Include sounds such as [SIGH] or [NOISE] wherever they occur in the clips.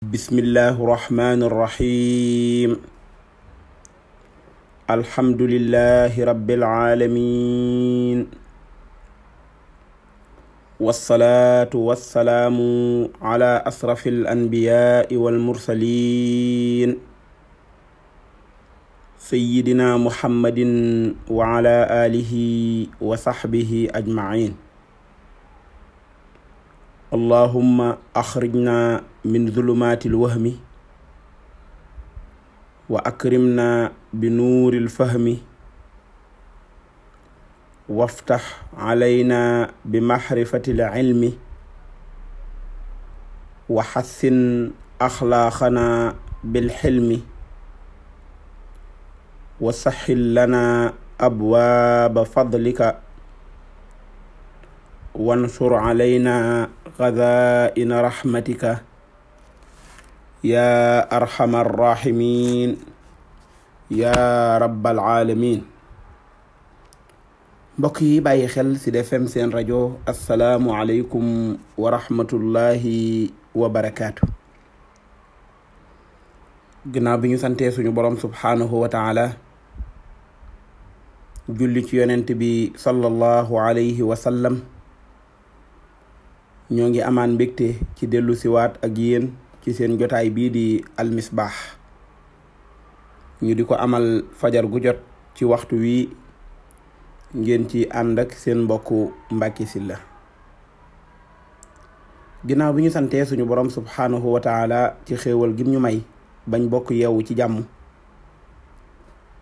bismillahi irrahmani irrahim alhamdulilahi rabiilalamin walsalaatu walsalaamu ala asrafi alanbiyaai walmursalin sayidina muhammadin wa ala alihi wa saxbihi ajmain allahumma axrijna min zulumaatil wahmi wa akrimna bi nuuril fahmi waftax calayna bi maxrifatil cilmi wa xassin axlaaqana bil xilmi wa saxil lana abwaaba fadlika wansur alayna xazaa'ina raxmatika yaa arxama arraximin yaa rabbal alamin mbokk yi bàyyi xel ci seen rajo asalaamu aleykum wa rahmatullahi wa barakaatu ginnaaw santee suñu borom subhaanahu wa taala julli ci yonent bi sallallahu alayhi ñoo ngi amaan mbégte ci dellu siwaat ak yéen ci seen jotaay bii di almisbaax ñu di ko amal fajar gu jot ci waxtu wi ngeen ci ànd ak seen mbokku Mbàkke Sylla ginnaaw bi ñu santee suñu borom subhaanahu wa taala ci xéewal gim ñu may bañ bokk ci jàmm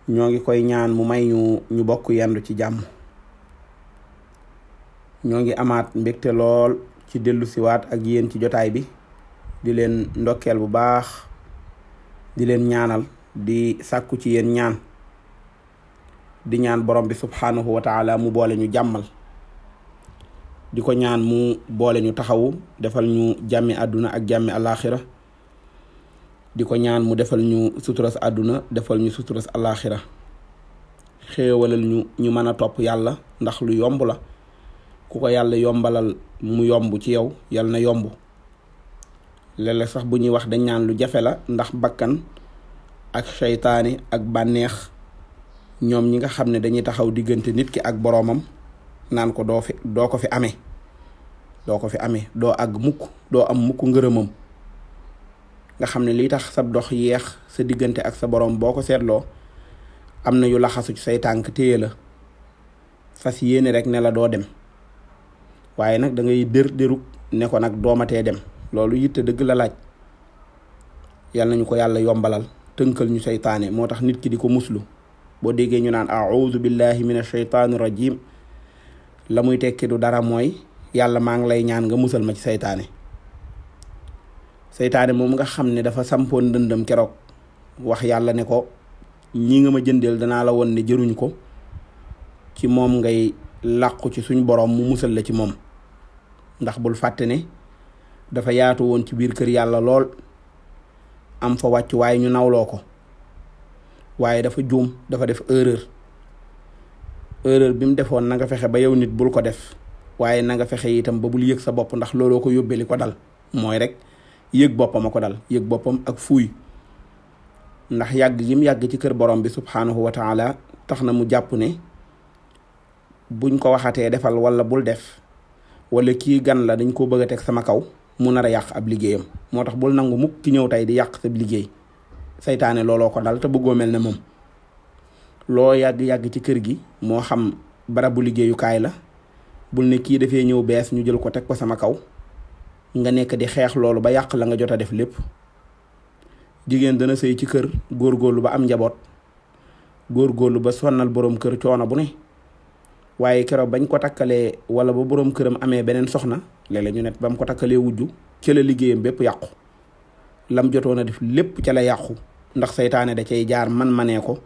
ñoo ngi koy ñaan mu may ñu ñu bokk yendu ci jàmm ñoo ngi amaat mbégte lool ci dellu siwaat ak yéen ci jotaay bi di leen ndokkeel bu baax di leen ñaanal di sàkku ci yéen ñaan di ñaan borom bi subhaanahu wa taala mu boole ñu jàmmal di ko ñaan mu boole ñu taxawu defal ñu jàmmi àdduna ak jàmmi alaxira di ko ñaan mu defal ñu suturas àdduna defal ñu suturas alaxira xéewalal ñu ñu mën a topp yàlla ndax lu yomb la ku ko yàlla yombalal mu yomb ci yow yal na yomb léeg sax bu ñuy wax dañ naan lu jafe la ndax bakkan ak seytaane ak bànneex ñoom ñi nga xam ne dañuy taxaw diggante nit ki ak boroomam naan ko doo fi doo ko fi amee doo ko fi amee doo àgg mukk doo am mukk ngërëmam nga xam ne liy tax sa dox yeex sa diggante ak sa boroom boo ko seetloo am na yu laxasu ci say tànk téye la fas yéene rek ne la doo dem waaye nag dangay ngay dér dérug ne ko nag doomatee dem loolu yitte dëgg la laaj yal nañu ko yàlla yombalal tënkal ñu seytaane moo tax nit ki di ko muslu boo déggee ñu naan audu billahi min asheytaani rajim la muy tekki du dara mooy yàlla maa ngi lay ñaan nga musal ma ci seytaane seytaane moom nga xam ne dafa sampoon ndëndam keroog wax yàlla ne ko ñi nga ma jëndeel danaa la woon ne jëruñ ko ci moom ngay làqu ci suñ boroom mu musal la ci moom ndax bul fàtte ne dafa yaatu woon ci biir kër yàlla lool am fa wàcc waaye ñu nawloo ko waaye dafa juum dafa def erreur erreur bi mu defoon na nga fexe ba yow nit bul ko def waaye na nga fexe itam ba bul yëg sa bopp ndax looloo ko yóbbee li ko dal mooy rek yëg boppam ko dal yëg boppam ak fuuy ndax yàgg mu yàgg ci kër borom bi subhaanahu wa taala tax na mu jàpp ne buñ ko waxatee defal wala bul def wala kii gan la dañ koo bëgg a teg sama kaw mu nar a yàq ab liggéeyam moo tax bul nangu mukk ki ñëw tey di yàq sa liggéey seytaane looloo ko dal te bëggoo mel ne moom loo yàgg-yàgg ci kër gi moo xam barabu liggéeyukaay la bul ne kii dafee ñëw bees ñu jël ko teg ko sama kaw nga nekk di xeex loolu ba yàq la nga jot a def lépp jigéen dana sëy ci kër góor góorlu ba am njaboot góor góorlu ba sonnal boroom kër coono bu ne waaye keroog bañ ko takkalee wala ba boroom këram amee beneen soxna léeg-léeg ñu ne ba mu ko takkalee wujju ca la liggéeyam bépp yàqu lam jotoon a def lépp ca la yàqu ndax seytaane da cay jaar man manee ko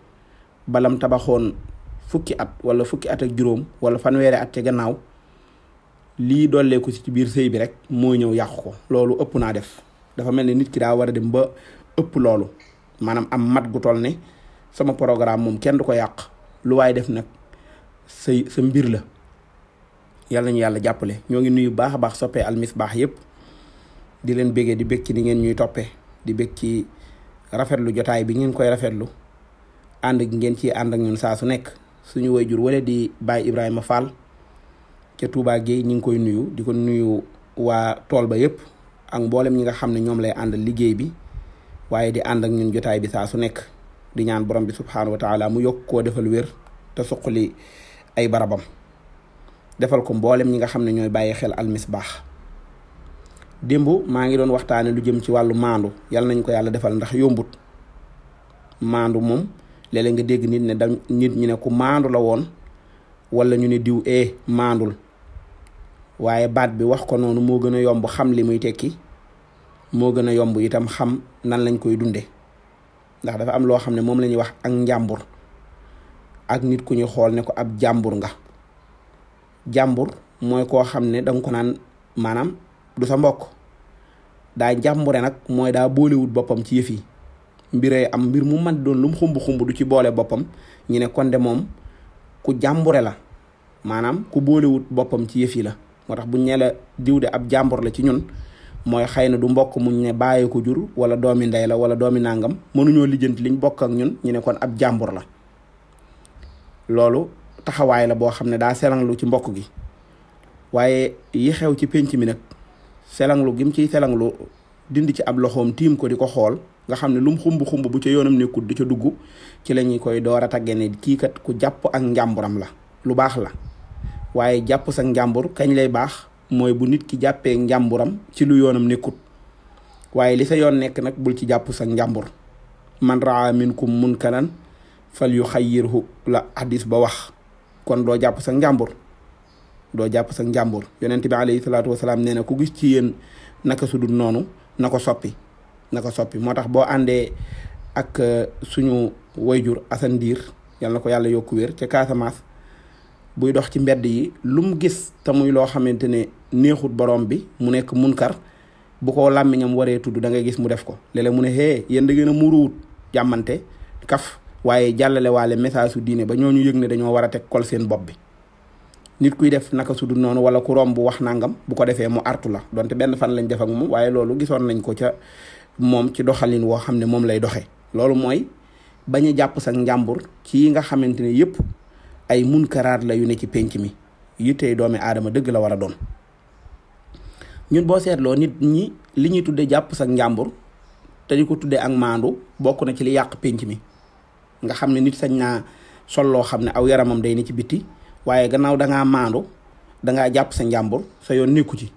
balam tabaxoon fukki at wala fukki at ak juróom wala fanweeri at ca gannaaw lii dolleeku si ci biir sëy bi rek moo ñëw yàqu ko loolu ëpp naa def dafa mel ne nit ki daa war a dem ba ëpp loolu maanaam am mat gu tol ne sama programme moom kenn du ko yàq lu waay def nag say sa mbir la yàlla ñu yàlla jàppale ñoo ngi nuyu baax a baax soppee baax yëpp di leen bégee di bég ci ni ngeen ñuy toppee di bég ci rafetlu jotaay bi ngeen koy rafetlu ànd gi ngeen ci ànd ak ñun saa su nekk suñu jur wala di Baye Ibrahima Fall ca Touba Gueye ñu ngi koy nuyu di ko nuyu waa tool ba yëpp ak mboolem ñi nga xam ne ñoom lay àndal liggéey bi waaye di ànd ak ñun jotaay bi saa su nekk di ñaan borom bi subhaanahu wa mu yokk koo defal wér ay barabam defal ko mboolem ñi nga xam ne ñooy bàyyi xel baax démb maa ngi doon waxtaane lu jëm ci wàllu maandu yàlla nañ ko yàlla defal ndax yombut maandu moom léeg nga dégg nit ne da nit ñi ne ku maandu la woon wala ñu ne diw e maandul waaye baat bi wax ko noonu moo gën a yomb xam li muy tekki moo gën a yomb itam xam nan lañ koy dunde ndax dafa am loo xam ne moom lañuy wax ak njàmbur ak nit ku ñu xool ne ko ab jàmbur nga jàmbur mooy koo xam ne danga ko naan maanaam du sa mbokk daa jàmbure nag mooy daa boolewut boppam ci yëf yi am mbir mu man doon lu xumb xumb du ci boole boppam ñu ne de moom ku jàmbure la maanaam ku boolewut boppam ci yëf yi la moo tax buñ ne la diw de ab jàmbur la ci ñun mooy xëy na du mbokk muñ ne bàyyee ko jur wala doomi ndey la wala doomi nàngam mënuñoo lijjanti liñ bokk ak ñun ñu ne kon ab jàmbur la loolu taxawaay la boo xam ne daa selanglu ci mbokk gi waaye yi xew ci pénc mi nag selanglu gim ci selanglu dindi ci ab loxoom tiim ko di ko xool nga xam ne lum xumb xumb bu ca yoonam nekkul di ca dugg ci la ñuy koy door a tàggee ne kii kat ku jàpp ak njàmburam la lu baax la waaye jàpp sa njàmbur kañ lay baax mooy bu nit ki jàppee njàmburam ci lu yoonam nekkut waaye li sa yoon nekk nag bul ci jàpp sa njàmbur man raa mun munkaran fal yu xayyirhu la hadis ba wax kon doo jàpp sa njàmbur doo jàpp sa njàmbur yonent bi alayhi salaatu wasalaam nee na ku gis ci yéen naka su dul noonu na ko soppi na ko soppi moo tax boo àndee ak euh, suñu wayjur Assane Diir yal na ko yàlla yokk wér ca Casamance buy dox ci mbedd yi lu mu gis te muy loo xamante ne neexut borom bi mu nekk mun kar bu ko làmmiñam waree tudd da ngay gis mu def ko léeg mu ne hee yéen da ngeen a jàmmante kaf waaye jàllale waale message su diine ba ñooñu yëg ne dañoo war a teg kol seen bopp bi nit kuy def naka su dul noonu wala ku romb wax nangam bu ko defee mu artu la donte benn fan lañ def ak moom waaye loolu gisoon nañ ko ca moom ci doxalin woo xam ne moom lay doxee loolu mooy bañ a jàpp sa njàmbur ci nga xamante ne yëpp ay munkaraat la yu ne ci pénc mi yittey doomi aadama dëgg la war a doon ñun boo seetloo nit ñi li ñuy tuddee jàpp sag njàmbur te ko tuddee ak maandu bokk na ci li yàq penc mi nga xam ne nit sañ naa sol loo xam ne aw yaramam day ni ci bitti waaye gannaaw da ngaa maandu da jàpp sa njàmbur sa yoon nekku ci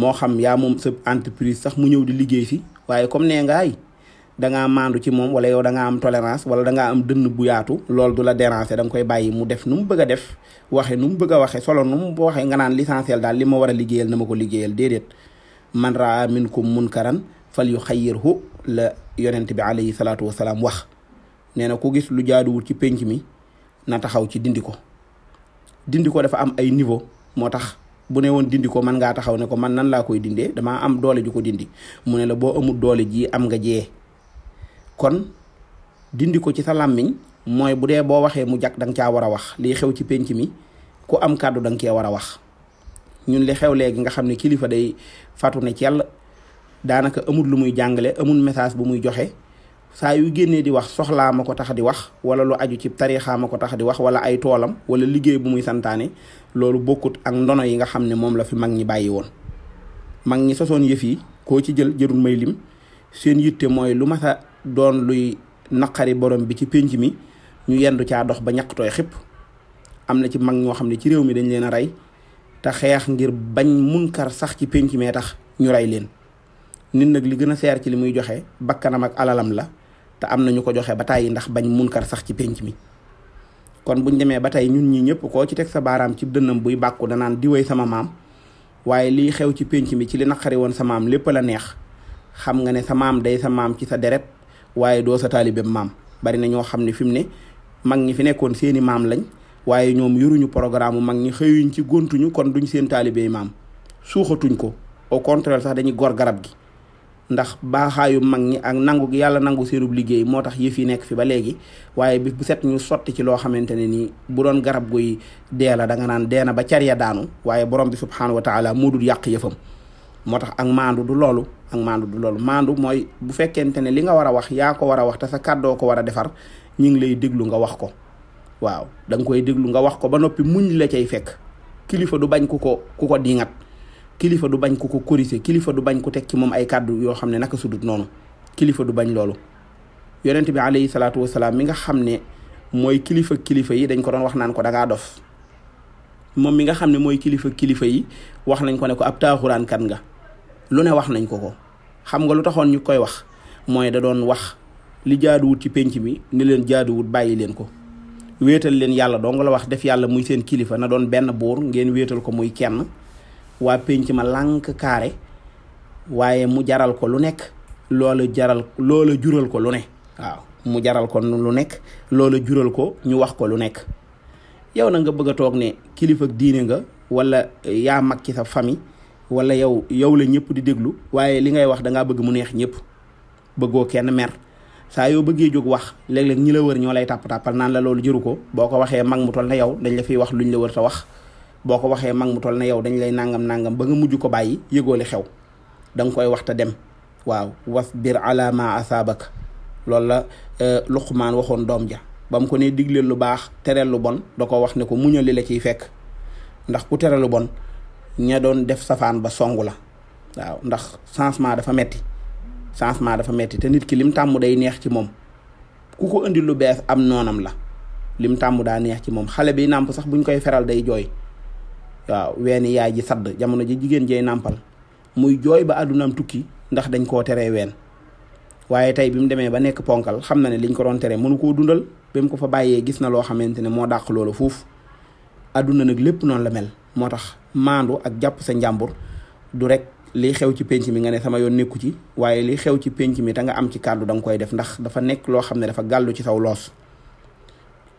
moo xam yaa moom sa entreprise sax mu ñëw di liggéey si waaye comme nee ngaay da ngaa maandu ci moom wala yow da ngaa am tolérance wala da ngaa am dënn bu yaatu loolu du la déranger da nga koy bàyyi mu def nu mu bëgg def waxe nu mu bëgg a waxe solo nu mu waxee nga naan l'essentiel daal li ma war a liggéeyal ma ko liggéeyal déedéet man raa minkum munkaran fal yu xayirhu la yonent bi alayhi salaatu wasalaam wax nee na ku gis lu jaaduwul ci pénc mi na taxaw ci dindi ko dindi ko dafa am ay niveau moo tax bu ne woon dindi ko man ngaa taxaw ne ko man nan laa koy dindee dama am doole ju ko dindi mu ne la boo amul doole ji am nga jee kon dindi ko ci sa làmmiñ mooy bu dee boo waxee mu jag da nga caa war a wax lii xew ci pénc mi ku am kàddu da nga cee war a wax ñun li xew léegi nga xam ne kilifa day fatu ne ci yàlla daanaka amul lu muy jàngale amul message bu muy joxe saa yu génnee di wax soxlaa ma ko tax di wax wala lu aju ci tarixaa ma ko tax di wax wala ay toolam wala liggéey bu muy santaane loolu bokkut ak ndono yi nga xam ne moom la fi mag ñi bàyyi woon mag ñi sosoon yëf yi koo ci jël jërul may lim seen yitte mooy lu mas a doon luy naqari borom bi ci pénc mi ñu yendu caa dox ba ñaqtooy xëpp am na ci mag ñoo xam ne ci réew mi dañ leen a rey te xeex ngir bañ munkar sax ci pénc mee tax ñu rey leen nit nag li gën a seer ci li muy joxe bakkanam ak alalam la te am na ñu ko joxe ba tàyyi ndax bañ munkar sax ci pénc mi kon buñ demee ba tey ñun ñi ñëpp koo ci teg sa baaraam ci dënnam buy bàkku danaan diwéy sama maam waaye lii xew ci pénc mi ci li naqari woon sa maam lépp la neex xam nga ne sa maam day sa maam ci sa deret waaye doo sa taalibeem maam bari na ñoo xam ne fi mu ne mag ñi fi nekkoon seeni maam lañ waaye ñoom yoruñu programme mag ñi xëyuñ ci gontuñu kon duñ seen taalibeey maam suuxatuñ ko au contraire sax dañuy gor garab gi ndax baaxaayu mag ñi ak nangu yàlla nangu seenub liggéey moo tax yëf yi nekk fi ba léegi waaye bi bu set ñu sotti ci loo xamante ne nii bu doon garab guy dee la da nga naan dee na ba carya daanu waaye borom bi subhaanahu wa taala moo dul yàq yëfam moo tax ak maandu du loolu ak maandu du loolu maandu mooy bu fekkente ne li nga war a wax yaa ko war a wax te sa kàddoo ko war a defar ñu ngi lay déglu nga wax ko waaw danga nga koy déglu nga wax ko ba noppi muñ la cay fekk kilifa du bañ ku ko ku ko diŋat kilifa du bañ ku ko corriger kilifa du bañ ku teg ci moom ay kàddu yoo xam ne naka sudut noonu kilifa du bañ loolu yonent bi alayhi salaatu wasalaam mi nga xam ne mooy kilifa kilifa yi dañ ko doon wax naan ko dangaa dof moom mi nga xam ne mooy kilifa kilifa yi wax nañ ko ne ko ab taaxuraan kat nga lu ne wax nañ ko ko xam nga lu taxoon ñu koy wax mooy da doon wax li jaaduwut ci penc mi ni leen jaaduwut bàyyi leen ko wéetal leen yàlla dong la wax def yàlla muy seen kilifa na doon benn buur ngeen wéetal ko muy kenn waa penc ma lànk kaare waaye mu jaral ko lu nekk loola jaral loola jural ko lu ne waaw mu jaral ko lu nekk loola jural ko ñu wax ko lu nekk yow na nga bëgg a toog ne kilifa diine nga wala yaa mag ci sa famille wala yow yow la ñëpp di déglu waaye li ngay wax da bëgg mu neex ñëpp bëggoo kenn mer saa yoo bëggee jóg wax léeg-léeg ñi la wër ñoo lay tàpp tàppal naan la loolu jëru ko boo ko waxee mag mu toll na yow dañ la fiy wax luñ la wër sa wax boo ko waxee mag mu toll na yow dañ lay nangam nangam ba nga mujj ko bàyyi yëgoo li xew da nga koy wax te dem waaw wasbir biir ma asaabak loolu la euh, luqmaan waxoon doom ja bam ko ne digleel lu baax tereel bon da ko wax ne ko muñali la ciy fekk ndax ku tere lu bon ña doon def safaan ba songu la waaw ndax changement dafa metti changement dafa metti te nit ki lim tàmm day neex ci moom ku ko indi lu bees am noonam la lim tàmmu daa neex ci moom xale bi nàmp sax buñ koy feral day jooy waaw weeni yaay ji sadd jamono ji jigéen jey nàmpal muy jooy ba àddunaam tukki ndax dañ koo teree ween waaye tey bi mu demee ba nekk ponkal xam na ne liñ ko doon tere mënu koo dundal ba mu ko fa bàyyee gis na loo xamante ne moo dàq loolu foofu àdduna nag lépp noonu la mel moo tax maandu ak jàpp sa njàmbur du rek li xew ci penc mi nga ne sama yoon nekku ci waaye li xew ci penc mi te nga am ci kàddu da nga koy def ndax dafa nekk loo xam ne dafa gàllu ci saw loos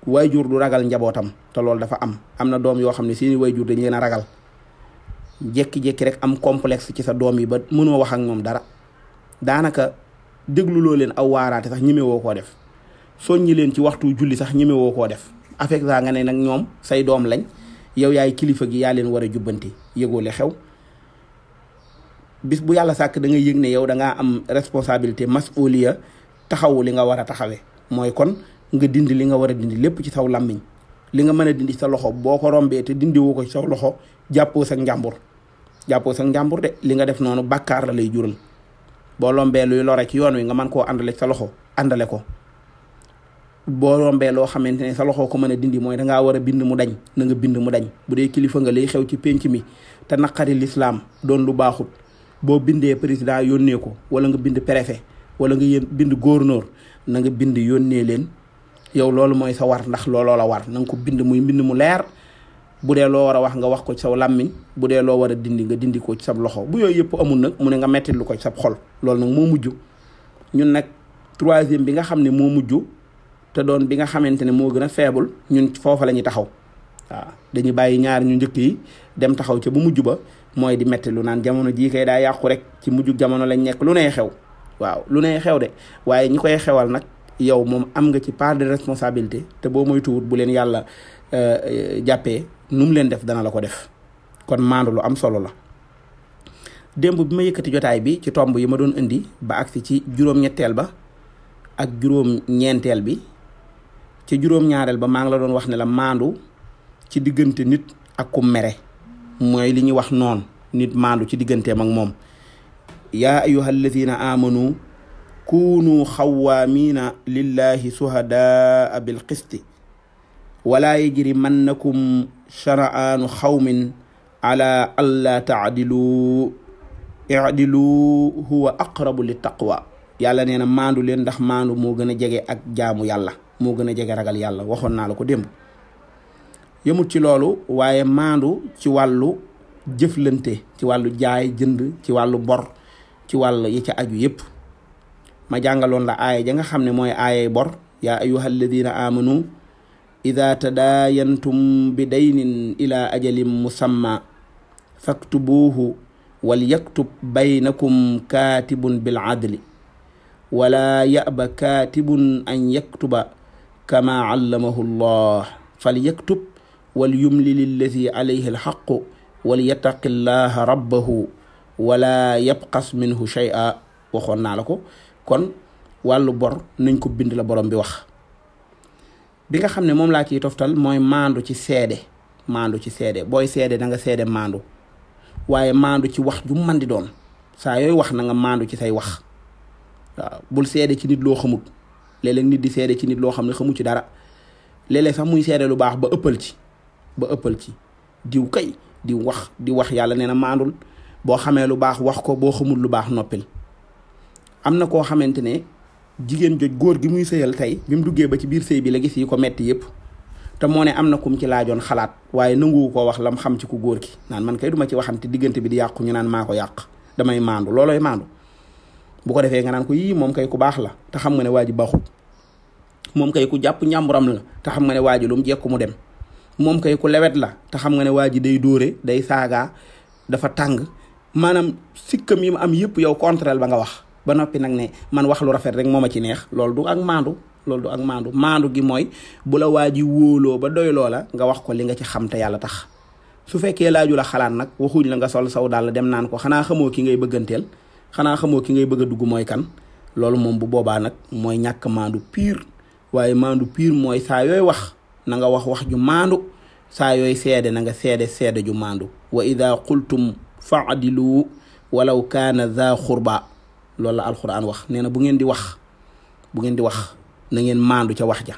waay jur du ragal njabootam te loolu dafa am am na doom yoo xam ne seeni waajur dañ leen a ragal jékki-jékki rek am complex ci sa doom yi ba mënoo wax ak ñoom dara daanaka dégluloo leen aw waaraate sax ñimewoo woo koo def soññi leen ci waxtu julli sax ñime woo koo def affect saa nga ne nag ñoom say doom lañ yow yaay kilifa gi yaa leen war a jubbanti yëgoole xew bis bu yàlla sàkk da nga yëg ne yow da ngaa am responsabilité mas'uliya taxawu li nga war a taxawee mooy kon nga dindi li nga war a dindi lépp ci saw làmmiñ li nga mën a dindi ci sa loxo boo ko rombee te dindi woo ko ci saw loxo jàppoo sa njàmbur jàppoo sa njàmbur de li nga def noonu bàkkaar la lay jural boo lombee luy lore ci yoon wi nga mën koo àndale ci sa loxo àndale ko boo rombee loo xamante ne sa loxo ko mën a dindi mooy dangaa war a bind mu dañ na nga bind mu dañ bu dee kilifa nga lay xew ci pénc mi te naqari lislaam doon lu baaxut boo bindee président yónnee ko wala nga bind préfet wala nga yén bind gouverneur yow loolu mooy sa war ndax looloo la war na ko bind muy mbind mu leer bu dee loo war a wax nga wax ko ci saw làmmiñ bu dee loo war a dindi nga dindi ko ci sab loxo bu yooyu yëpp amul nag mu ne nga mettit lu ko ci sab xol loolu nag moo mujj ñun nag troisième bi nga xam ne moo mujj te doon bi nga xamante ne moo gën a faible ñun foofa la ñuy taxaw dañu bàyyi ñaar ñu njëkk yi dem taxaw ci bu mujj ba mooy di metti lu naan jamono jii kay daa yàqu rek ci mujj jamono lañ nekk lu ne xew waaw lu ne xew de waaye ñi koy xewal nag yow moom am nga ci part de responsabilité te boo moytuwut bu leen yàlla euh, euh, jàppe nu mu leen def dana la ko def kon maandu lu am solo la. démb bi ma yëkkati jotaay bi ci tomb yi ma doon indi ba agsi ci juróom-ñetteel ba ak juróom-ñeenteel bi ci juróom-ñaareel ba maa ngi la doon wax ne la maandu ci diggante nit ak ku mere mooy li ñuy wax noon nit maandu ci diggante ak moom yaa ayyuha alladina amanu kuunu xawaamiina lillahi suhadaa bilqisti walaa yajrimannakum shana'aanu xawmin ala allaa taadilu idilu huwa aqrabu li taqwa yàlla nee na maandu leen ndax maandu moo gën a jege ak jaamu yàlla moo gën a jege ragal yàlla waxoon naa la ko démb yëmut ci loolu waaye maandu ci wàllu jëflante ci wàllu jaay jënd ci wàllu bor ci wàllu yi ca aju yépp ma jàngaloon la aaya ja nga xam ne mooy aayay bor yaa ayuha alladina amanu ida tadaayantum bi daynin ila ajalin musamma faktubuuhu wal yaktub baynakum kaatibun bil adli wala yaba kaatibun an yaktuba kama allamahu llah fal yaktub wal yumlil alladi wala yabqas minhu shay'a waxoon naa la ko kon wàllu bor nañ ko bind la borom bi wax bi nga xam ne moom laa ciy toftal mooy maandu ci seede maandu ci seede booy seede da nga seede maandu waaye maandu ci wax ju man di doon saa yooyu wax nanga nga maandu ci say wax bul seede ci nit loo xamut léeg nit di seede ci nit loo xam ne xamu ci dara léeg-léeg sax muy seede lu baax ba ëppal ci ba ëppal ci diw kay di wax di wax yàlla nee na maandul boo xamee lu baax wax ko boo xamul lu baax noppil am na koo xamante ne jigéen joj góor gi muy sëyal tey bi duggee ba ci biir sëy bi la gis yi ko metti yëpp te moo ne am na kum ci laajoon xalaat waaye nanguwu koo wax lam xam ci ku góor ki naan man kay duma ci ti diggante bi di yàqu ñu naan maa ko yàq damay maandu loolooy maandu bu ko defee nga naan ko yii moom kay ku baax la te xam nga ne waa ji baaxul moom kay ku jàpp njàmburam la te xam nga ne waa ji lu mu dem moom kay ku lewet la te xam nga ne waa ji day dóore day saagaa dafa tàng maanaam sikkam yi mu am yëpp yow contrôle ba nga wax ba noppi nag ne man wax lu rafet rek moo a ci neex loolu du ak maandu loolu ak maandu maandu gi mooy bu la waa ji wóoloo ba doy loola nga wax ko li nga ci xam te yàlla tax su fekkee laaju la xalaat nag waxuñ la nga sol saw daal dem naan ko xanaa xamoo ki ngay bëgganteel xanaa xamoo ki ngay bëgg a dugg mooy kan loolu moom bu boobaa nag mooy ñàkk maandu piir waaye maandu piir mooy saa yooy wax na nga wax wax ju maandu saa yooy seede na nga seede seede ju maandu wa ida qultum faadilu walaw kaana za xurba loolu la alxuraan wax nee na bu ngeen di wax bu ngeen di wax na ngeen maandu ca wax ja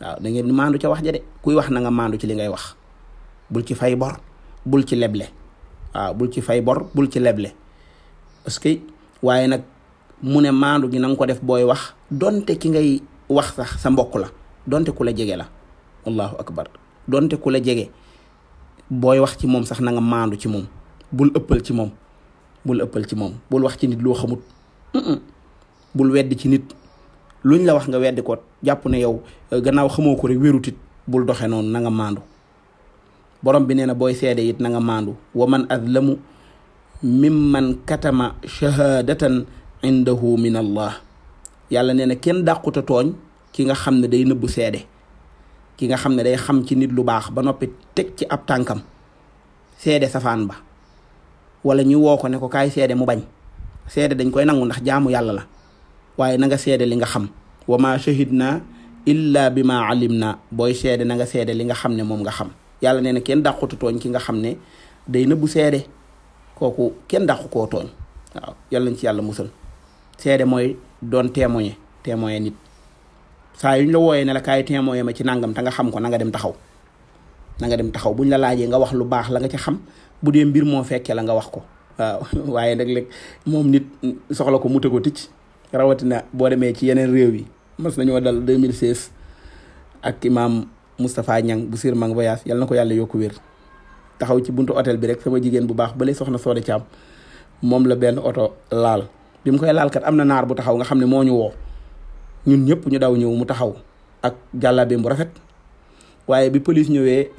waaw na ngeen maandu ca wax ja de kuy wax na nga maandu ci li ngay wax bul ci fay bor bul ci leble waaw bul ci fay bor bul ci leble parce que waaye nag mu ne maandu gi na nga ko def booy wax donte ki ngay wax sax sa mbokk la donte ku la jege la allahu akbar donte ku la jege booy wax ci moom sax na nga maandu ci moom bul ëppal ci moom bul ëppal ci moom bul wax ci nit loo xamut bul weddi ci nit luñ la wax nga weddi ko jàpp ne yow euh, gannaaw xamoo ko rek wérutit bul doxe noonu nanga nga maandu borom bi nee na booy seede it nanga nga maandu wa man azlamu man katama shahadatan indahu min allah yàlla nee na kenn dàquta tooñ ki nga xam ne day nëbbu seede ki nga xam ne day xam ci nit lu baax ba noppi teg ci ab tànkam sede safaan ba wala ñu woo ko ne ko kaay seede mu bañ seede dañ koy nangu ndax jaamu yàlla la waaye na nga seede li nga xam wa ma na illa bi ma na booy seede na nga seede li nga xam ne moom nga xam yàlla nee na kenn dàqutu tooñ ki nga xam ne day bu seede kooku kenn dàqu koo tooñ waaw yàlla nañ ci yàlla musal seede mooy doon témoigner témoigner nit saa yuñ la wooyee ne la kaay témoigner ma ci nangam te nga xam ko na nga dem taxaw na dem taxaw buñ la laajee nga wax lu baax la nga ci xam bu mbir moo fekkee la nga wax ko waaw waaye nag léeg moom nit soxla ko mu tëgoo ticc rawatina boo demee ci yeneen réew yi mas nañoo dal 2016 ak imaam Moustapha Niang bu Sir Mang voyage yal na ko yàlla yokku wér taxaw ci buntu hôtel bi rek sama jigéen bu baax ba lay soxna Sooda Caam moom la benn oto laal bi mu koy laalkat am na naar bu taxaw nga xam ne moo ñu woo ñun ñëpp ñu daw ñëw mu taxaw ak jàllabeem bu rafet waaye bi police ñëwee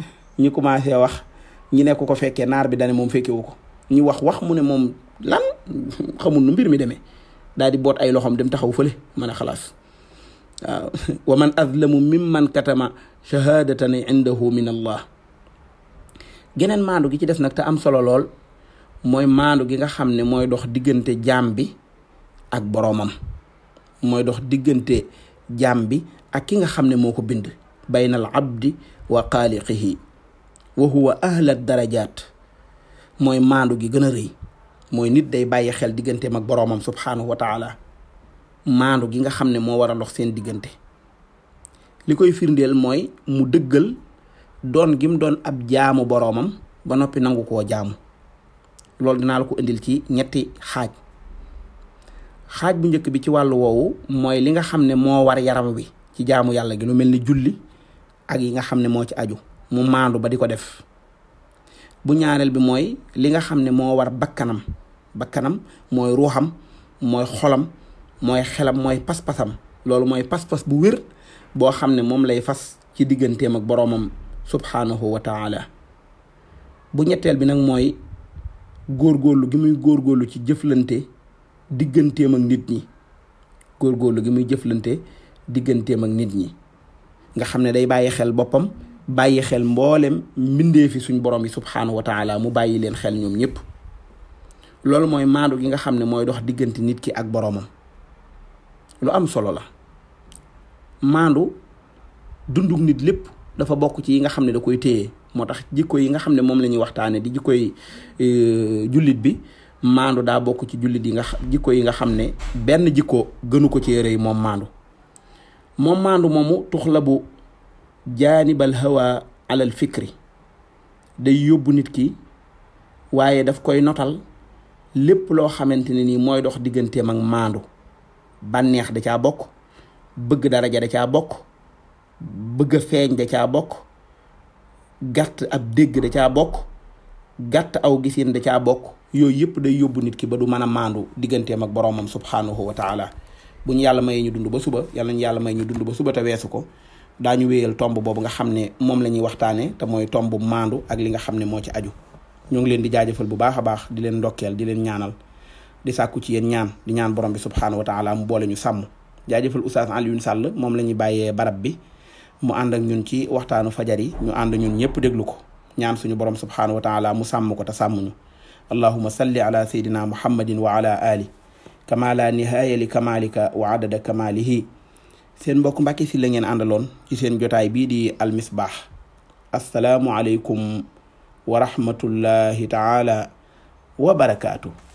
ñu commencé wax ñi nekk ko fekkee naar bi dane moom fekkewu ko ñu wax wax mu ne moom lan [LAUGHS] xamul nu mbir mi deme daal di boot ay loxoom dem taxaw fële mën a xalaas waaw [LAUGHS] wa man azlamu mimman katama shahadatan indahu min allah geneen maandu gi ci des nag am solo lool mooy maandu gi nga xam ne mooy dox diggante jaam bi ak boroomam mooy dox diggante jaam bi ak ki nga xam ne moo ko bind bayna al abdi wa xaaliqihi wa huwa ahla darajaat mooy maandu gi gën a rëy mooy nit day bàyyi xel digganteem ak boroomam subhaanahu wa taala maandu gi nga xam ne moo war a dox seen diggante li koy firndeel mooy mu dëggal doon gim doon ab jaamu boroomam ba noppi nangu koo jaamu loolu dinaa la ko indil ci ñetti xaaj xaaj bu njëkk bi ci wàllu woowu mooy li nga xam ne moo war yaram wi ci jaamu yàlla gi lu mel ni julli ak yi nga xam ne moo ci aju mu maandu ba di ko def bu ñaareel bi mooy li nga xam ne moo war bakkanam bakkanam mooy ruuxam mooy xolam mooy xelam mooy pas-pasam loolu mooy pas-pas bu wér boo xam ne moom lay fas ci digganteem ak boroomam subhaanahu wa taala bu ñetteel bi nag mooy góorgóorlu gi muy góor góorlu ci jëflante digganteem ak nit ñi góor góorlu gi muy jëflante digganteem ak nit ñi nga xam ne day bàyyi xel boppam bàyyi xel mboolem mbindee fi suñ borom yi subxanahu wa taala mu bàyyi leen xel ñoom ñëpp loolu mooy maandu gi nga xam ne mooy dox diggante nit ki ak boromam lu am solo la maandu dundug nit lépp dafa bokk ci yi nga xam ne da koy téye moo tax jikko yi nga xam ne moom la waxtaanee di jikkoy euh, jullit bi maandu daa bokk ci jullit yi nga jikko yi nga xam ne benn jikko gënu ko ci yére yi moom maandu moomu tux la bu. jaanibal hawa alal fikri day yóbbu nit ki waaye daf koy notal lépp loo xamante ne nii mooy dox digganteem ak maandu bànneex da caa bokk bëgg daraja da caa bokk bëgg a feeñ da caa bokk gàtt ab dégg da caa bokk gàtt aw gisin da caa bokk yooyu yëpp day yóbbu nit ki ba du mën a maandu digganteem ak boroomam subhaanahu wa taala bu ñu yàlla mayee ñu dund ba suba yàlla ñu yàlla may ñu dund ba suba te weesu ko ñu wéyal tomb boobu nga xam ne moom la ñuy waxtaanee te mooy tomb maandu ak li nga xam ne moo ci aju ñoo ngi leen di jaajëfal bu baax a baax di leen ndokkeel di leen ñaanal di sàkku ci yéen ñaan di ñaan borom bi subhaanahu wa taala mu boole ñu sàmm jaajëfal Oustaz Alioune Sall moom la ñuy bàyyee barab bi mu ànd ak ñun ci waxtaanu fajar yi ñu ànd ñun ñëpp déglu ko ñaan suñu borom subhaanahu wa mu sàmm ko te sàmm ñu allahuma salli ala sayyidina muhammadin wa ala ali kama la nihaya li kamalika wa adada kamalihi seen mbokk Mbàkke Sylla ngeen àndaloon ci seen jotaay bii di Al Misbah asalaamualeykum wa rahmatullahi taala wa barakaatu.